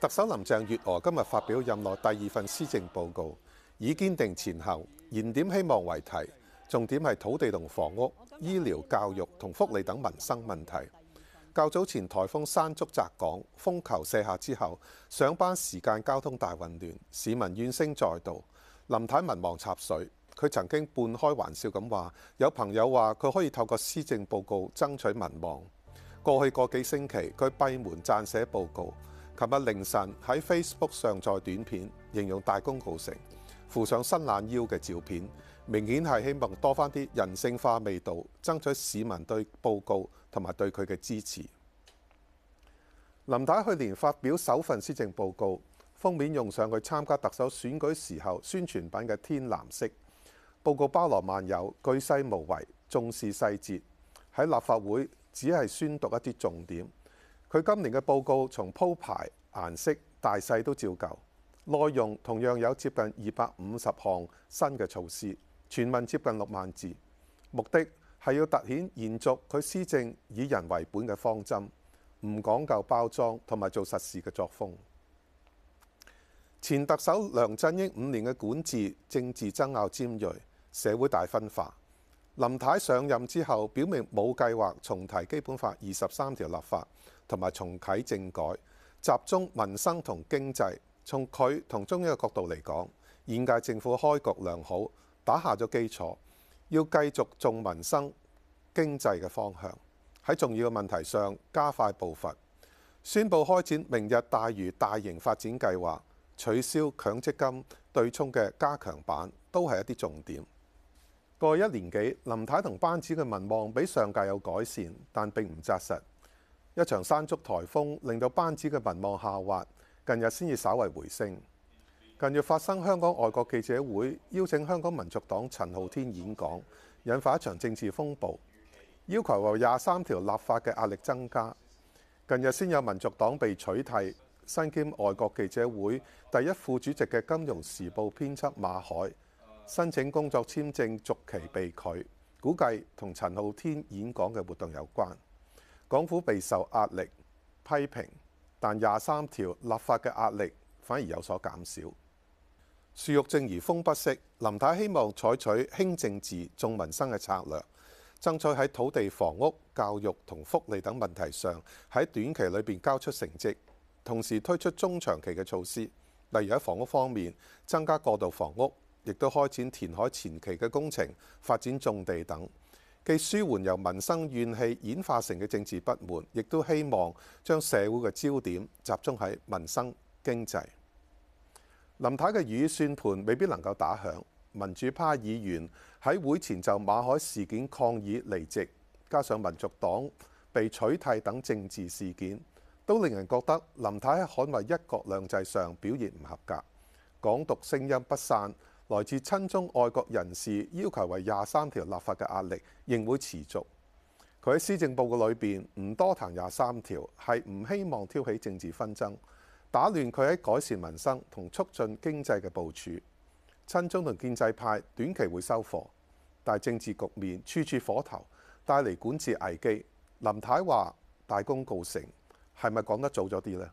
特首林鄭月娥今日發表任內第二份施政報告，以堅定前行、燃點希望為題，重點係土地同房屋、醫療、教育同福利等民生問題。較早前颱風山竹襲港，風球卸下之後，上班時間交通大混亂，市民怨聲載道。林太民望插水，佢曾經半開玩笑咁話：有朋友話佢可以透過施政報告爭取民望。過去個幾星期，佢閉門撰寫報告。琴日凌晨喺 Facebook 上載短片，形容大功告成，附上伸懶腰嘅照片，明顯係希望多返啲人性化味道，爭取市民對報告同埋對佢嘅支持。林太去年發表首份施政報告，封面用上佢參加特首選舉時候宣傳品嘅天藍色。報告包羅萬有，巨細無遺，重視細節。喺立法會只係宣讀一啲重點。佢今年嘅報告從鋪排、顏色、大細都照舊，內容同樣有接近二百五十項新嘅措施，全文接近六萬字。目的係要突顯延續佢施政以人為本嘅方針，唔講究包裝同埋做實事嘅作風。前特首梁振英五年嘅管治，政治爭拗尖銳，社會大分化。林太上任之後，表明冇計劃重提基本法二十三條立法，同埋重啟政改，集中民生同經濟。從佢同中央嘅角度嚟講，現屆政府開局良好，打下咗基礎，要繼續重民生經濟嘅方向，喺重要嘅問題上加快步伐。宣布開展明日大嶼大型發展計劃，取消強積金對沖嘅加強版，都係一啲重點。過去一年幾，林太同班子嘅民望比上屆有改善，但並唔紮實。一場山竹颱風令到班子嘅民望下滑，近日先至稍為回升。近日發生香港外國記者會邀請香港民族黨陳浩天演講，引發一場政治風暴，要求為廿三條立法嘅壓力增加。近日先有民族黨被取締，身兼外國記者會第一副主席嘅金融時報編輯馬海，申請工作簽證續期被拒，估計同陳浩天演講嘅活動有關。港府備受壓力批評，但廿三條立法嘅壓力反而有所減少。樹欲靜而風不息，林太希望採取輕政治、重民生嘅策略，爭取喺土地、房屋、教育同福利等問題上喺短期裏邊交出成績，同時推出中長期嘅措施，例如喺房屋方面增加過渡房屋。亦都開展填海前期嘅工程、發展棕地等，既舒緩由民生怨氣演化成嘅政治不滿，亦都希望將社會嘅焦點集中喺民生經濟。林太嘅預算盤未必能夠打響。民主派議員喺會前就馬海事件抗議離席，加上民族黨被取締等政治事件，都令人覺得林太喺捍衞一國兩制上表現唔合格。港獨聲音不散。來自親中愛國人士要求為廿三條立法嘅壓力仍會持續。佢喺施政報告裏邊唔多談廿三條，係唔希望挑起政治紛爭，打亂佢喺改善民生同促進經濟嘅部署。親中同建制派短期會收火，但政治局面處處火頭，帶嚟管治危機。林太話大功告成係咪講得早咗啲呢？」